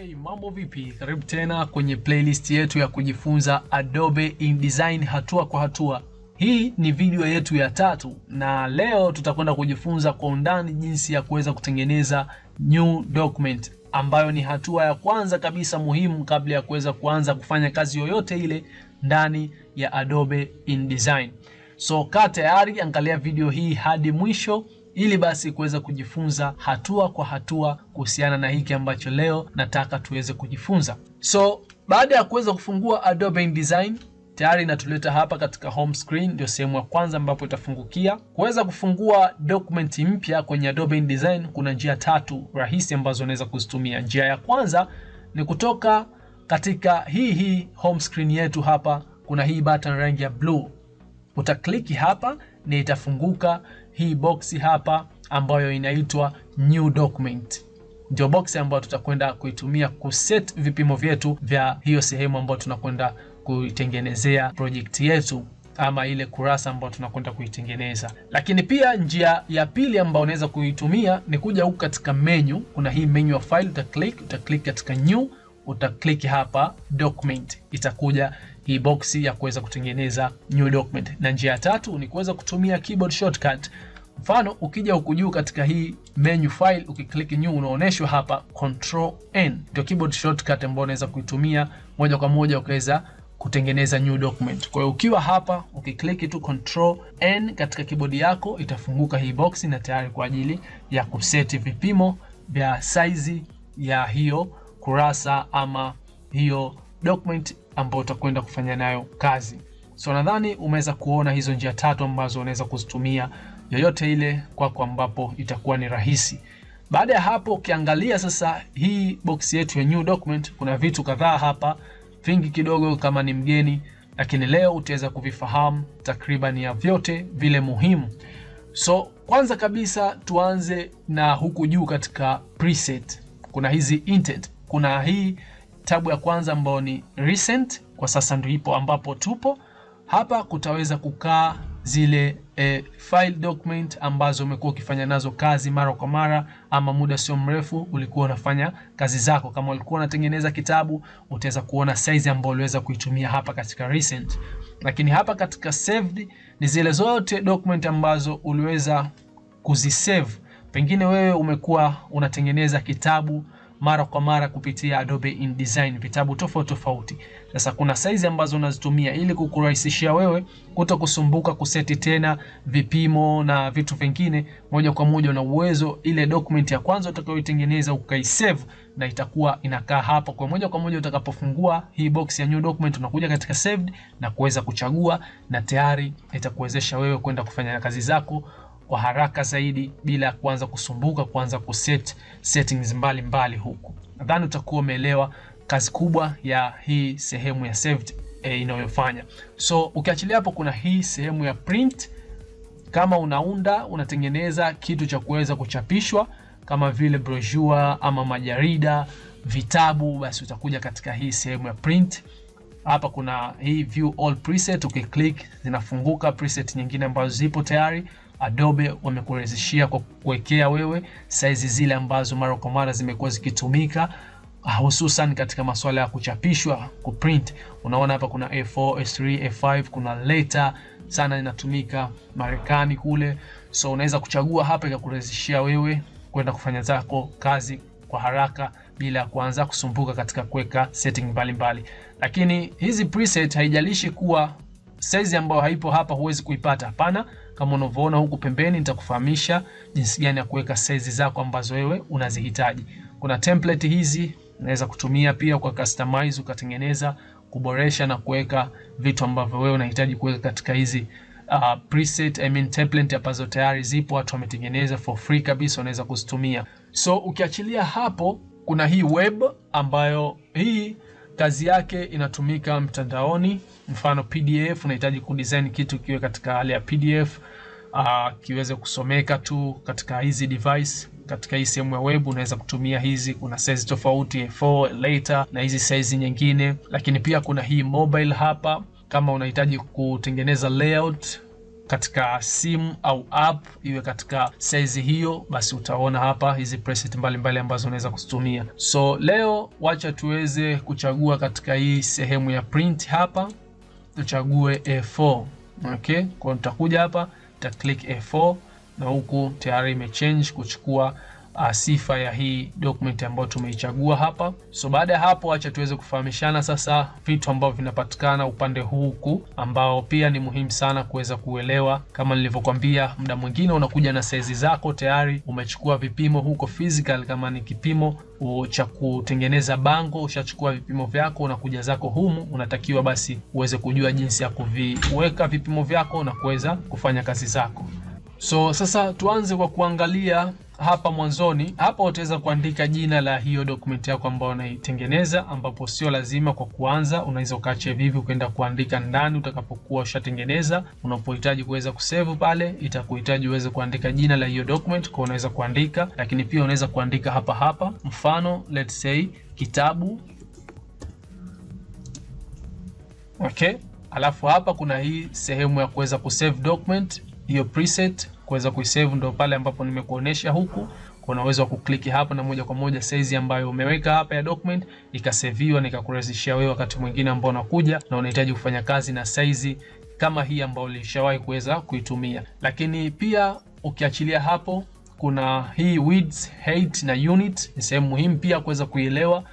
Hey, mambo vipi? Karibu tena kwenye playlist yetu ya kujifunza Adobe InDesign hatua kwa hatua. Hii ni video yetu ya tatu na leo tutakwenda kujifunza kwa undani jinsi ya kuweza kutengeneza new document ambayo ni hatua ya kwanza kabisa muhimu kabla ya kuweza kuanza kufanya kazi yoyote ile ndani ya Adobe InDesign. So kaa tayari, angalia video hii hadi mwisho ili basi kuweza kujifunza hatua kwa hatua kuhusiana na hiki ambacho leo nataka tuweze kujifunza. So baada ya kuweza kufungua Adobe InDesign tayari inatuleta hapa katika home screen, ndio sehemu ya kwanza ambapo itafungukia. Kuweza kufungua document mpya kwenye Adobe InDesign, kuna njia tatu rahisi ambazo unaweza kuzitumia. Njia ya kwanza ni kutoka katika hii hii home screen yetu hapa, kuna hii button rangi ya blue, utaklik hapa na itafunguka hii boksi hapa ambayo inaitwa new document ndio boksi ambayo tutakwenda kuitumia kuset vipimo vyetu vya hiyo sehemu ambayo tunakwenda kuitengenezea project yetu ama ile kurasa ambayo tunakwenda kuitengeneza. Lakini pia njia ya pili ambayo unaweza kuitumia ni kuja huku katika menu. Kuna hii menu ya file, uta click, uta click katika new, uta click hapa document, itakuja hii boksi ya kuweza kutengeneza new document. Na njia ya tatu ni kuweza kutumia keyboard shortcut Mfano, ukija huku juu katika hii menu file, ukiklik new, unaonyeshwa hapa control n, ndio keyboard shortcut ambayo unaweza kuitumia moja kwa moja ukaweza kutengeneza new document. Kwa hiyo ukiwa hapa ukiklik tu control n katika kibodi yako itafunguka hii box na tayari kwa ajili ya kuseti vipimo vya saizi ya hiyo kurasa ama hiyo document ambayo utakwenda kufanya nayo kazi. So nadhani umeweza kuona hizo njia tatu ambazo unaweza kuzitumia yoyote ile kwako, ambapo itakuwa ni rahisi. Baada ya hapo, ukiangalia sasa hii box yetu ya new document, kuna vitu kadhaa hapa vingi kidogo, kama ni mgeni, lakini leo utaweza kuvifahamu takriban ya vyote vile muhimu. So kwanza kabisa tuanze na huku juu katika preset, kuna hizi intent, kuna hii tabu ya kwanza ambayo ni recent, kwa sasa ndio ipo ambapo tupo hapa kutaweza kukaa zile e, file document ambazo umekuwa ukifanya nazo kazi mara kwa mara, ama muda sio mrefu ulikuwa unafanya kazi zako. Kama ulikuwa unatengeneza kitabu, utaweza kuona size ambayo uliweza kuitumia hapa katika recent. Lakini hapa katika saved ni zile zote document ambazo uliweza kuzisave. Pengine wewe umekuwa unatengeneza kitabu mara kwa mara kupitia Adobe InDesign vitabu tofauti tofauti. Sasa kuna size ambazo unazitumia ili kukurahisishia wewe kuto kusumbuka kuseti tena vipimo na vitu vingine. Moja kwa moja una uwezo ile document ya kwanza utakayoitengeneza ukaisave na itakuwa inakaa hapo kwa moja kwa moja. Utakapofungua hii box ya new document, unakuja katika saved na kuweza kuchagua, na tayari itakuwezesha wewe kwenda kufanya kazi zako kwa haraka zaidi bila kuanza kusumbuka kuanza kuset settings mbalimbali mbali huku. Nadhani utakuwa umeelewa kazi kubwa ya hii sehemu ya saved e, inayofanya. So ukiachilia hapo, kuna hii sehemu ya print. Kama unaunda unatengeneza kitu cha kuweza kuchapishwa kama vile brochure ama majarida, vitabu, basi utakuja katika hii sehemu ya print. Hapa kuna hii view all preset, ukiclick zinafunguka preset nyingine ambazo zipo tayari. Adobe wamekurahisishia kwa kuwekea wewe saizi zile ambazo mara kwa mara zimekuwa zikitumika ah, hususan katika masuala ya kuchapishwa kuprint. Unaona hapa kuna A4, A3, A5, kuna letter sana inatumika Marekani kule, so unaweza kuchagua hapa ikakurahisishia wewe kwenda kufanya zako kazi kwa haraka bila kuanza kusumbuka katika kuweka setting mbalimbali. mbali. Lakini hizi preset haijalishi kuwa size ambayo haipo hapa huwezi kuipata, hapana. Kama unavyoona huku pembeni, nitakufahamisha jinsi gani ya kuweka size zako ambazo wewe unazihitaji. Kuna template hizi unaweza kutumia pia kwa customize, ukatengeneza, kuboresha na kuweka vitu ambavyo wewe unahitaji kuweka katika hizi uh, preset, I mean template ambazo tayari zipo, watu wametengeneza for free kabisa, unaweza kuzitumia. So ukiachilia hapo, kuna hii web ambayo hii kazi yake inatumika mtandaoni. Mfano PDF, unahitaji kudesign kitu kiwe katika hali ya PDF uh, ah, kiweze kusomeka tu katika hizi device. Katika hii sehemu ya web unaweza kutumia hizi, kuna size tofauti A4, later na hizi size nyingine, lakini pia kuna hii mobile hapa, kama unahitaji kutengeneza layout katika simu au app iwe katika size hiyo, basi utaona hapa hizi preset mbalimbali ambazo unaweza kuzitumia. So leo wacha tuweze kuchagua katika hii sehemu ya print hapa, tuchague A4. Okay, kwa nitakuja hapa, ta click A4 na huku tayari imechange kuchukua uh, sifa ya hii document ambayo tumeichagua hapa. So baada ya hapo, acha tuweze kufahamishana sasa vitu ambavyo vinapatikana upande huku, ambao pia ni muhimu sana kuweza kuelewa. Kama nilivyokwambia, muda mwingine unakuja na size zako tayari, umechukua vipimo huko physical, kama ni kipimo cha kutengeneza bango, ushachukua vipimo vyako, unakuja zako humu, unatakiwa basi uweze kujua jinsi ya kuviweka vipimo vyako na kuweza kufanya kazi zako. So sasa tuanze kwa kuangalia hapa mwanzoni, hapa utaweza kuandika jina la hiyo dokumenti yako ambayo unaitengeneza, ambapo sio lazima kwa kuanza, unaweza ukaache vivi ukaenda kuandika ndani utakapokuwa ushatengeneza. Unapohitaji kuweza kusave pale, itakuhitaji uweze kuandika jina la hiyo document, kwa unaweza kuandika, lakini pia unaweza kuandika hapa hapa, mfano let's say kitabu okay. Alafu hapa kuna hii sehemu ya kuweza kusave document hiyo preset kuweza kuisave, ndio pale ambapo nimekuonesha huku kuna uwezo wa kuklik hapa na moja kwa moja size ambayo umeweka hapa ya document ikaseviwa, nikakurahisishia wewe wakati mwingine ambao unakuja na unahitaji kufanya kazi na size kama hii ambayo ulishawahi kuweza kuitumia. Lakini pia ukiachilia hapo, kuna hii width, height na unit ni sehemu muhimu pia kuweza kuielewa.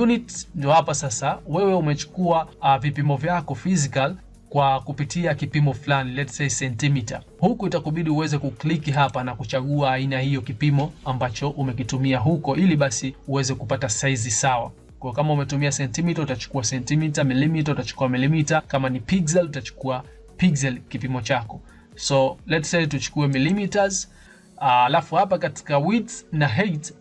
Unit ndio hapa sasa, wewe umechukua uh, vipimo vyako physical kwa kupitia kipimo fulani, let's say sentimita. Huku itakubidi uweze kukliki hapa na kuchagua aina hiyo kipimo ambacho umekitumia huko, ili basi uweze kupata saizi sawa. Kwa kama umetumia sentimita utachukua sentimita, milimita utachukua milimita, kama ni pixel utachukua pixel kipimo chako. So let's say tuchukue millimeters, ah, alafu uh, hapa katika width na height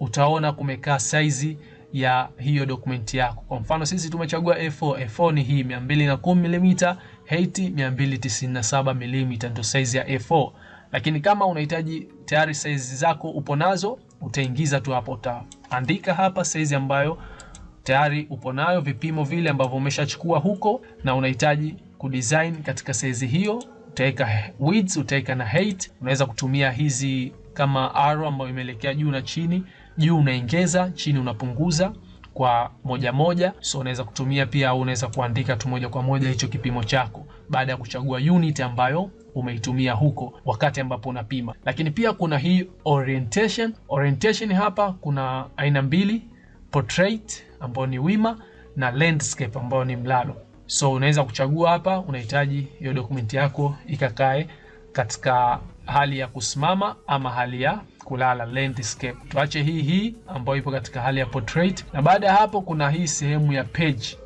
utaona kumekaa size ya hiyo dokumenti yako. Kwa mfano sisi tumechagua A4. A4 ni hii 210 mm, height 297 mm ndio size ya A4. Lakini kama unahitaji tayari size zako upo nazo, utaingiza tu hapo, utaandika hapa size ambayo tayari upo nayo, vipimo vile ambavyo umeshachukua huko, na unahitaji kudesign katika size hiyo, utaweka width, utaweka na height. Unaweza kutumia hizi kama arrow ambayo imeelekea juu na chini juu unaongeza, chini unapunguza kwa moja moja. So unaweza kutumia pia, au unaweza kuandika tu moja kwa moja hicho kipimo chako baada ya kuchagua unit ambayo umeitumia huko wakati ambapo unapima. Lakini pia kuna hii orientation. Orientation hapa kuna aina mbili, portrait ambayo ni wima na landscape ambayo ni mlalo. So unaweza kuchagua hapa, unahitaji hiyo dokumenti yako ikakae katika hali ya kusimama ama hali ya kulala landscape. Tuache hii hii ambayo ipo katika hali ya portrait, na baada ya hapo kuna hii sehemu ya page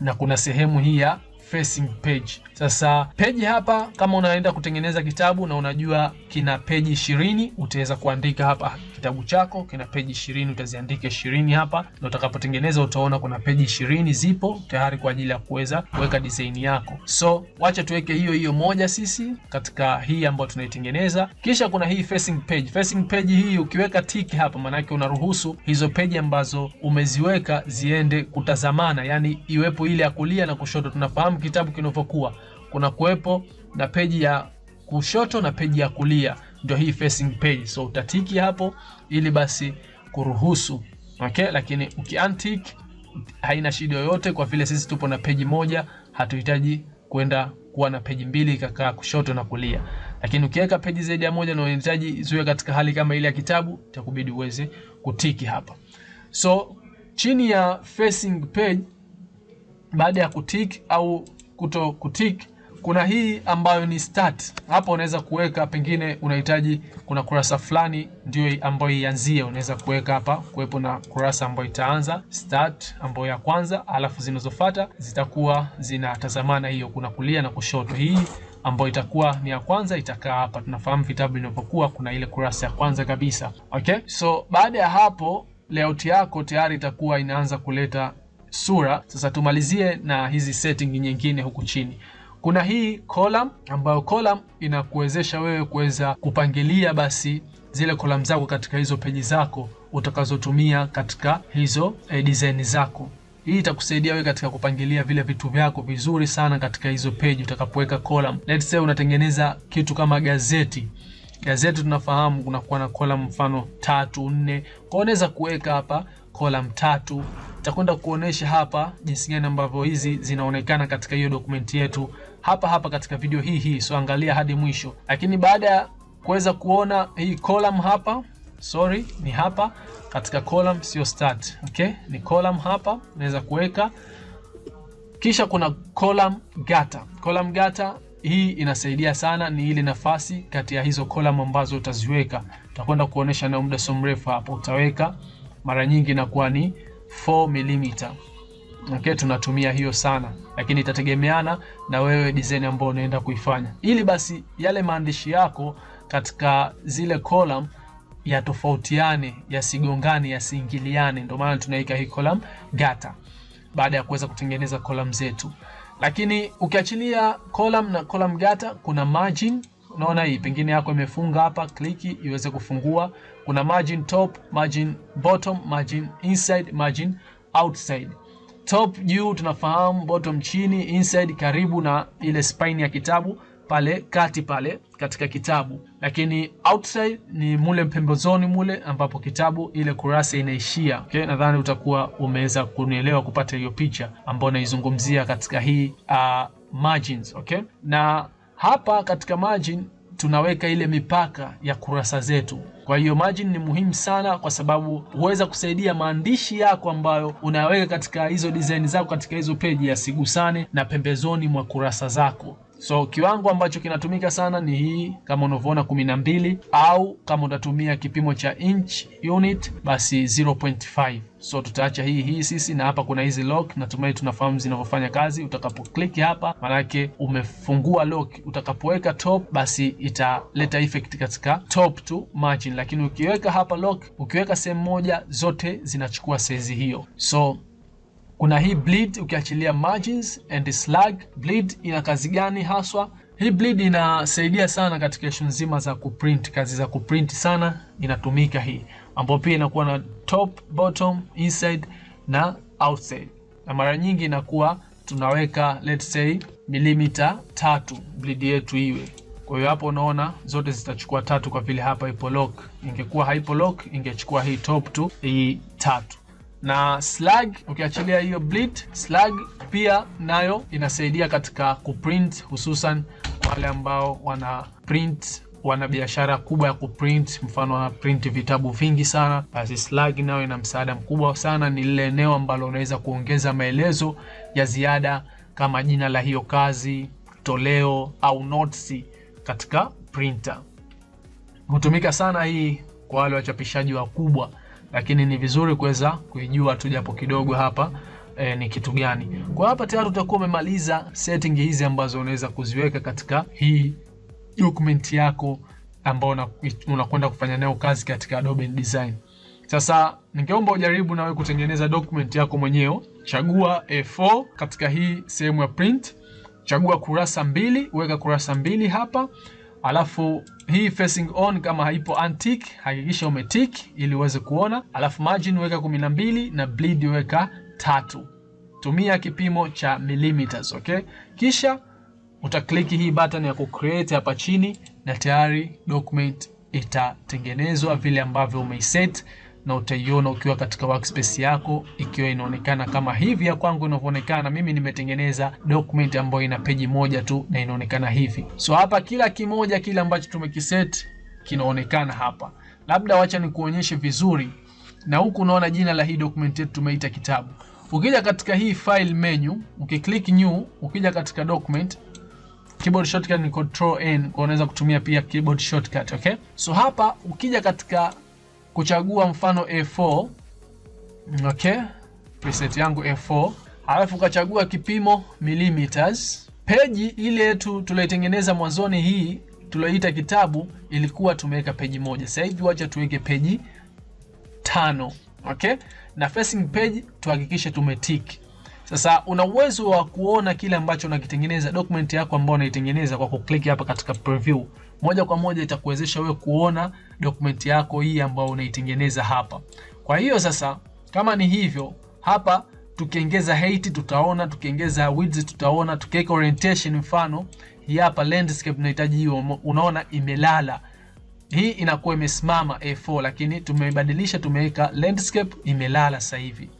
na kuna sehemu hii ya facing page. Sasa page hapa, kama unaenda kutengeneza kitabu na unajua kina page ishirini, utaweza kuandika hapa kitabu chako kina page ishirini, utaziandika ishirini hapa, na utakapotengeneza utaona kuna page ishirini zipo tayari kwa ajili ya kuweza kuweka design yako. So wacha tuweke hiyo hiyo moja sisi katika hii ambayo tunaitengeneza, kisha kuna hii facing page. Facing page hii ukiweka tick hapa, maanake unaruhusu hizo page ambazo umeziweka ziende kutazamana, yani iwepo ile ya kulia na kushoto. Tunafahamu kitamu kitabu kinavyokuwa, kuna kuwepo na peji ya kushoto na peji ya kulia, ndio hii facing page. So utatiki hapo ili basi kuruhusu okay, lakini ukiantik haina shida yoyote, kwa vile sisi tupo na peji moja, hatuhitaji kwenda kuwa na peji mbili ikakaa kushoto na kulia. Lakini ukiweka peji zaidi ya moja na unahitaji ziwe katika hali kama ile ya kitabu, itakubidi uweze kutiki hapa. So chini ya facing page baada ya kutik au kuto kutik kuna hii ambayo ni start. Hapo unaweza kuweka pengine unahitaji kuna kurasa fulani ndio ambayo ianzie, unaweza kuweka hapa kuwepo na kurasa ambayo itaanza start, ambayo ya kwanza, alafu zinazofuata zitakuwa zinatazamana, hiyo kuna kulia na kushoto. Hii ambayo itakuwa ni ya kwanza itakaa hapa. Tunafahamu vitabu vinapokuwa kuna ile kurasa ya kwanza kabisa. Okay, so baada ya hapo layout yako tayari itakuwa inaanza kuleta sura. Sasa tumalizie na hizi setting nyingine huku chini. Kuna hii column ambayo column inakuwezesha wewe kuweza kupangilia basi zile column zako katika hizo peji zako utakazotumia katika hizo eh, design zako. Hii itakusaidia wewe katika kupangilia vile vitu vyako vizuri sana katika hizo page utakapoweka column. Let's say unatengeneza kitu kama gazeti. Gazeti tunafahamu kunakuwa na column mfano tatu, nne. Kwa unaweza kuweka hapa column tatu. Nitakwenda kuonesha hapa jinsi gani ambavyo hizi zinaonekana katika hiyo dokumenti yetu hapa hapa katika video hii hii, so angalia hadi mwisho. Lakini baada ya kuweza kuona hii column hapa, sorry, ni hapa katika column, sio start. Okay, ni column hapa naweza kuweka, kisha kuna column gata. Column gata hii inasaidia sana, ni ile nafasi kati ya hizo column ambazo utaziweka. Tutakwenda kuonesha na muda so mrefu hapo, utaweka mara nyingi inakuwa ni 4 mm. Okay, tunatumia hiyo sana lakini itategemeana na wewe design ambayo unaenda kuifanya, ili basi yale maandishi yako katika zile column ya yatofautiane, yasigongane, yasiingiliane. Ndio maana tunaika hii column gata, baada ya kuweza kutengeneza column zetu. Lakini ukiachilia column na column gata, kuna margin. Unaona hii pengine yako imefunga hapa, kliki iweze kufungua kuna margin top, margin bottom, margin inside, margin outside. Top juu tunafahamu, bottom chini, inside karibu na ile spine ya kitabu pale kati pale katika kitabu, lakini outside ni mule pembezoni mule ambapo kitabu ile kurasa inaishia. Okay, nadhani utakuwa umeweza kunielewa kupata hiyo picha ambayo naizungumzia katika hii uh, margins. Okay, na hapa katika margin tunaweka ile mipaka ya kurasa zetu kwa hiyo margin ni muhimu sana, kwa sababu huweza kusaidia maandishi yako ambayo unayaweka katika hizo design zako katika hizo peji yasigusane na pembezoni mwa kurasa zako. So kiwango ambacho kinatumika sana ni hii kama unavyoona 12 au kama utatumia kipimo cha inch unit basi 0.5. So tutaacha hii hii sisi na hapa kuna hizi lock, natumai tunafahamu zinavyofanya kazi. Utakapo click hapa, maanake umefungua lock. Utakapoweka top, basi italeta effect katika top tu margin, lakini ukiweka hapa lock, ukiweka sehemu moja, zote zinachukua size hiyo so kuna hii bleed ukiachilia margins and slug. Bleed ina kazi gani haswa? Hii bleed inasaidia sana katika issue nzima za kuprint, kazi za kuprint sana inatumika hii, ambapo pia inakuwa na top, bottom, inside na outside, na mara nyingi inakuwa tunaweka let's say milimita tatu bleed yetu iwe. Kwa hiyo hapo unaona zote zitachukua tatu, kwa vile hapa ipo lock. Ingekuwa haipo lock ingechukua hii top tu hii tatu na slug ukiachilia hiyo bleed slug pia nayo inasaidia katika kuprint, hususan wale ambao wana print wana biashara kubwa ya kuprint, mfano wana print vitabu vingi sana, basi slug nayo ina msaada mkubwa sana. Ni lile eneo ambalo unaweza kuongeza maelezo ya ziada kama jina la hiyo kazi, toleo au notes katika printer. Hutumika sana hii kwa wale wachapishaji wakubwa lakini ni vizuri kuweza kuijua tu japo kidogo hapa E, ni kitu gani. Kwa hapa tayari utakuwa umemaliza setting hizi ambazo unaweza kuziweka katika hii document yako ambayo unakwenda kufanya nayo kazi katika Adobe InDesign. Sasa ningeomba ujaribu wewe kutengeneza document yako mwenyewe. Chagua A4 katika hii sehemu ya print, chagua kurasa mbili, weka kurasa mbili hapa Alafu hii facing on kama haipo antik, hakikisha umetik ili uweze kuona. Alafu margin weka 12 na bleed weka tatu. Tumia kipimo cha millimeters, okay? Kisha utakliki hii button ya kucreate hapa chini na tayari document itatengenezwa vile ambavyo umeiset na utaiona ukiwa katika workspace yako ikiwa inaonekana kama hivi. Ya kwangu inavyoonekana, mimi nimetengeneza document ambayo ina peji moja tu na inaonekana hivi. So hapa kila kimoja kile ambacho tumekiset kinaonekana hapa. Labda wacha nikuonyeshe vizuri, na huku unaona jina la hii document yetu tumeita kitabu. Ukija katika hii file menu, ukiklik new, ukija katika document keyboard shortcut ni control n, kwa unaweza kutumia pia keyboard shortcut, okay? So hapa ukija katika kuchagua mfano A4, mm, okay, preset yangu A4, alafu ukachagua kipimo millimeters. Peji ile yetu tuloitengeneza mwanzoni hii tuloita kitabu ilikuwa tumeweka peji moja, sasa hivi wacha tuweke peji tano, okay, na facing page tuhakikishe tumetiki sasa una uwezo wa kuona kile ambacho unakitengeneza, document yako ambayo unaitengeneza kwa kuklik hapa katika preview, moja kwa moja itakuwezesha wewe kuona document yako hii ambayo unaitengeneza hapa. Kwa hiyo sasa, kama ni hivyo hapa tukiongeza height tutaona, tukiongeza width tutaona, tukiweka orientation, mfano hii hapa landscape tunahitaji hiyo, unaona imelala hii inakuwa imesimama A4, lakini tumeibadilisha tumeweka landscape imelala sasa hivi.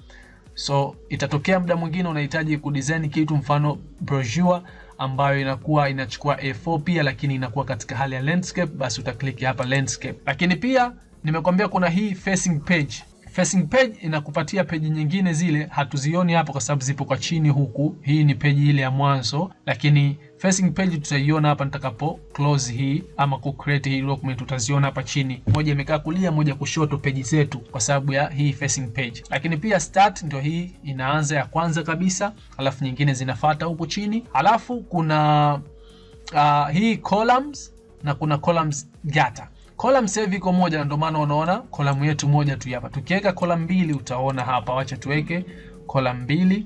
So itatokea muda mwingine unahitaji kudesign kitu mfano brochure ambayo inakuwa inachukua A4 pia, lakini inakuwa katika hali ya landscape, basi utakliki hapa landscape. Lakini pia nimekwambia kuna hii facing page Facing page inakupatia peji nyingine, zile hatuzioni hapo kwa sababu zipo kwa chini huku. Hii ni peji ile ya mwanzo, lakini facing page tutaiona hapa nitakapo close hii ama ku create hii document, utaziona hapa chini, moja imekaa kulia, moja kushoto, peji zetu kwa sababu ya hii facing page. Lakini pia start ndio hii inaanza ya kwanza kabisa, alafu nyingine zinafata huku chini, alafu kuna uh, hii columns na kuna columns data Column save iko moja, ndio maana unaona column yetu moja tu hapa. Tukiweka column mbili utaona hapa, wacha tuweke column mbili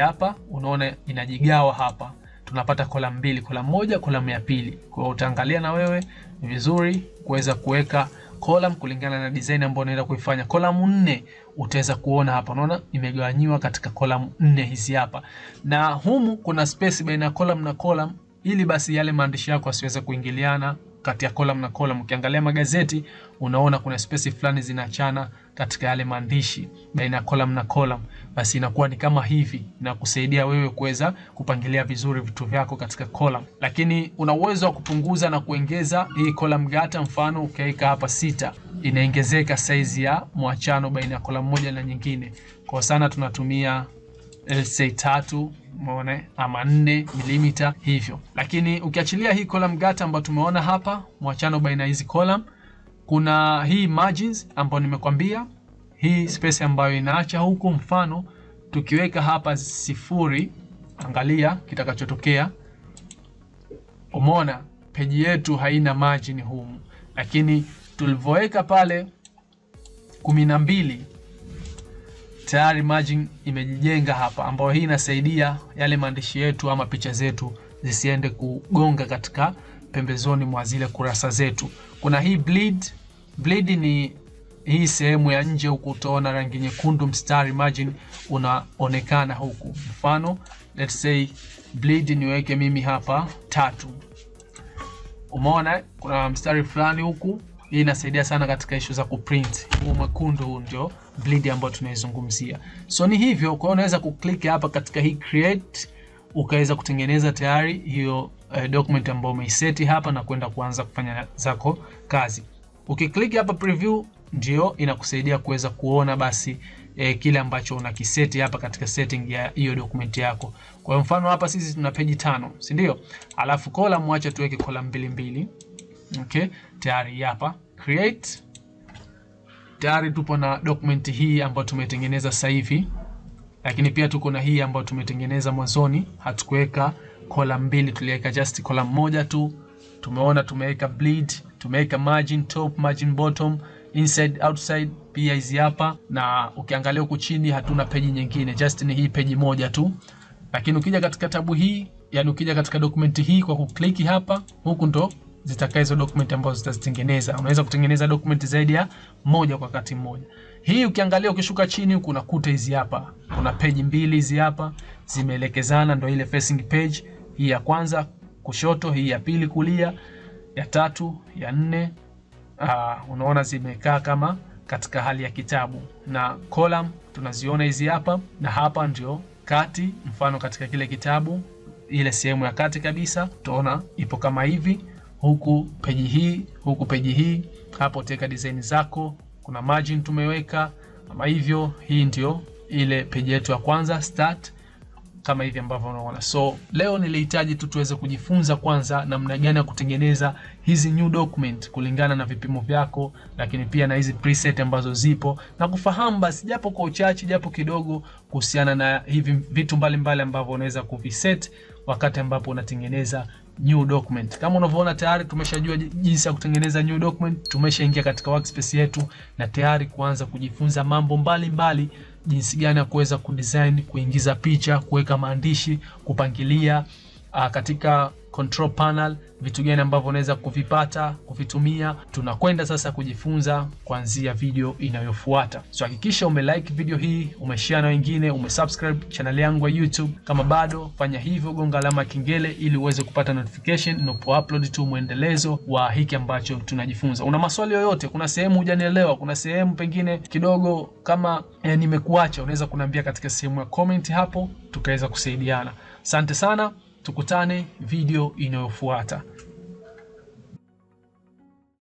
hapa, unaona inajigawa hapa, tunapata column mbili, column moja, column ya pili. Kwa hiyo utaangalia na wewe vizuri kuweza kuweka column kulingana na design ambayo unaenda kuifanya. Column nne utaweza kuona hapa, unaona imegawanywa katika column nne hizi hapa, na humu kuna space baina ya column na column, ili basi yale maandishi yako asiweze kuingiliana kati ya column na column. Ukiangalia magazeti unaona kuna space fulani zinaachana katika yale maandishi baina ya column na column, basi inakuwa ni kama hivi na kusaidia wewe kuweza kupangilia vizuri vitu vyako katika column. Lakini una uwezo wa kupunguza na kuongeza hii column gata. Mfano ukiweka hapa sita, inaongezeka size ya mwachano baina ya column moja na nyingine. Kwa sana tunatumia LSA tatu umeona eh? ama 4 mm hivyo. Lakini ukiachilia hii column gut ambayo tumeona hapa, mwachano baina hizi column, kuna hii margins ambayo nimekwambia, hii space ambayo inaacha huku. Mfano tukiweka hapa sifuri, angalia kitakachotokea. Umeona peji yetu haina margin humu, lakini tulivyoweka pale kumi na mbili tayari margin imejijenga hapa, ambayo hii inasaidia yale maandishi yetu ama picha zetu zisiende kugonga katika pembezoni mwa zile kurasa zetu. Kuna hii bleed. Bleed ni hii sehemu ya nje huku, utaona rangi nyekundu, mstari margin unaonekana huku. Mfano, let's say bleed niweke mimi hapa tatu. Umeona kuna mstari fulani huku. Hii inasaidia sana katika issue za kuprint. Huu mwekundu huu ndio bleed ambayo tunaizungumzia. So ni hivyo, kwa hiyo unaweza kuklik hapa katika hii create ukaweza kutengeneza tayari hiyo uh, document ambayo umeiseti hapa na kwenda kuanza kufanya zako kazi. Ukiklik hapa preview ndio inakusaidia kuweza kuona basi eh, kile ambacho unakiseti hapa katika setting ya hiyo dokumenti yako. Kwa mfano hapa sisi tuna peji tano, si ndio? Alafu column acha tuweke column mbili mbili. Okay, tayari hapa create tayari tupo na document hii ambayo tumetengeneza sasa hivi, lakini pia tuko na hii ambayo tumetengeneza mwanzoni. Hatukuweka column mbili, tuliweka just column moja tu. Tumeona tumeweka bleed, tumeweka margin top, margin bottom, inside outside, pia hizi hapa, na ukiangalia huku chini hatuna peji nyingine, just ni hii peji moja tu. Lakini ukija katika tabu hii, yani ukija katika document hii kwa kukliki hapa, huku ndo zitakazo document ambazo zitazitengeneza. Unaweza kutengeneza document zaidi ya moja kwa wakati mmoja. Hii ukiangalia, ukishuka chini huku unakuta hizi hapa, kuna page mbili hizi hapa zimeelekezana, ndio ile facing page, hii ya kwanza kushoto, hii ya pili kulia, ya tatu, ya nne. Aa, ah, unaona zimekaa kama katika hali ya kitabu na column tunaziona hizi hapa, na hapa ndio kati, mfano katika kile kitabu ile sehemu ya kati kabisa, utaona ipo kama hivi huku peji hii, huku peji hii. Hapo teka design zako, kuna margin tumeweka kama hivyo. Hii ndio ile peji yetu ya kwanza start kama hivi ambavyo unaona. So leo nilihitaji tu tuweze kujifunza kwanza namna gani ya kutengeneza hizi new document kulingana na vipimo vyako, lakini pia na hizi preset ambazo zipo na kufahamu basi japo kwa uchache japo kidogo kuhusiana na hivi vitu mbalimbali ambavyo unaweza kuviset wakati ambapo unatengeneza new document. Kama unavyoona tayari tumeshajua jinsi ya kutengeneza new document, tumeshaingia katika workspace yetu na tayari kuanza kujifunza mambo mbalimbali mbali, jinsi gani ya kuweza kudesign, kuingiza picha, kuweka maandishi, kupangilia ah, katika control panel, vitu gani ambavyo unaweza kuvipata kuvitumia. Tunakwenda sasa kujifunza kuanzia video inayofuata, so hakikisha ume like video hii, ume share na wengine, ume subscribe channel yangu ya YouTube. Kama bado fanya hivyo, gonga alama ya kengele ili uweze kupata notification ninapo upload tu mwendelezo wa hiki ambacho tunajifunza. Una maswali yoyote, kuna sehemu hujanielewa, kuna sehemu pengine kidogo kama eh, nimekuacha, unaweza kuniambia katika sehemu ya comment hapo, tukaweza kusaidiana. Asante sana. Tukutane video inayofuata.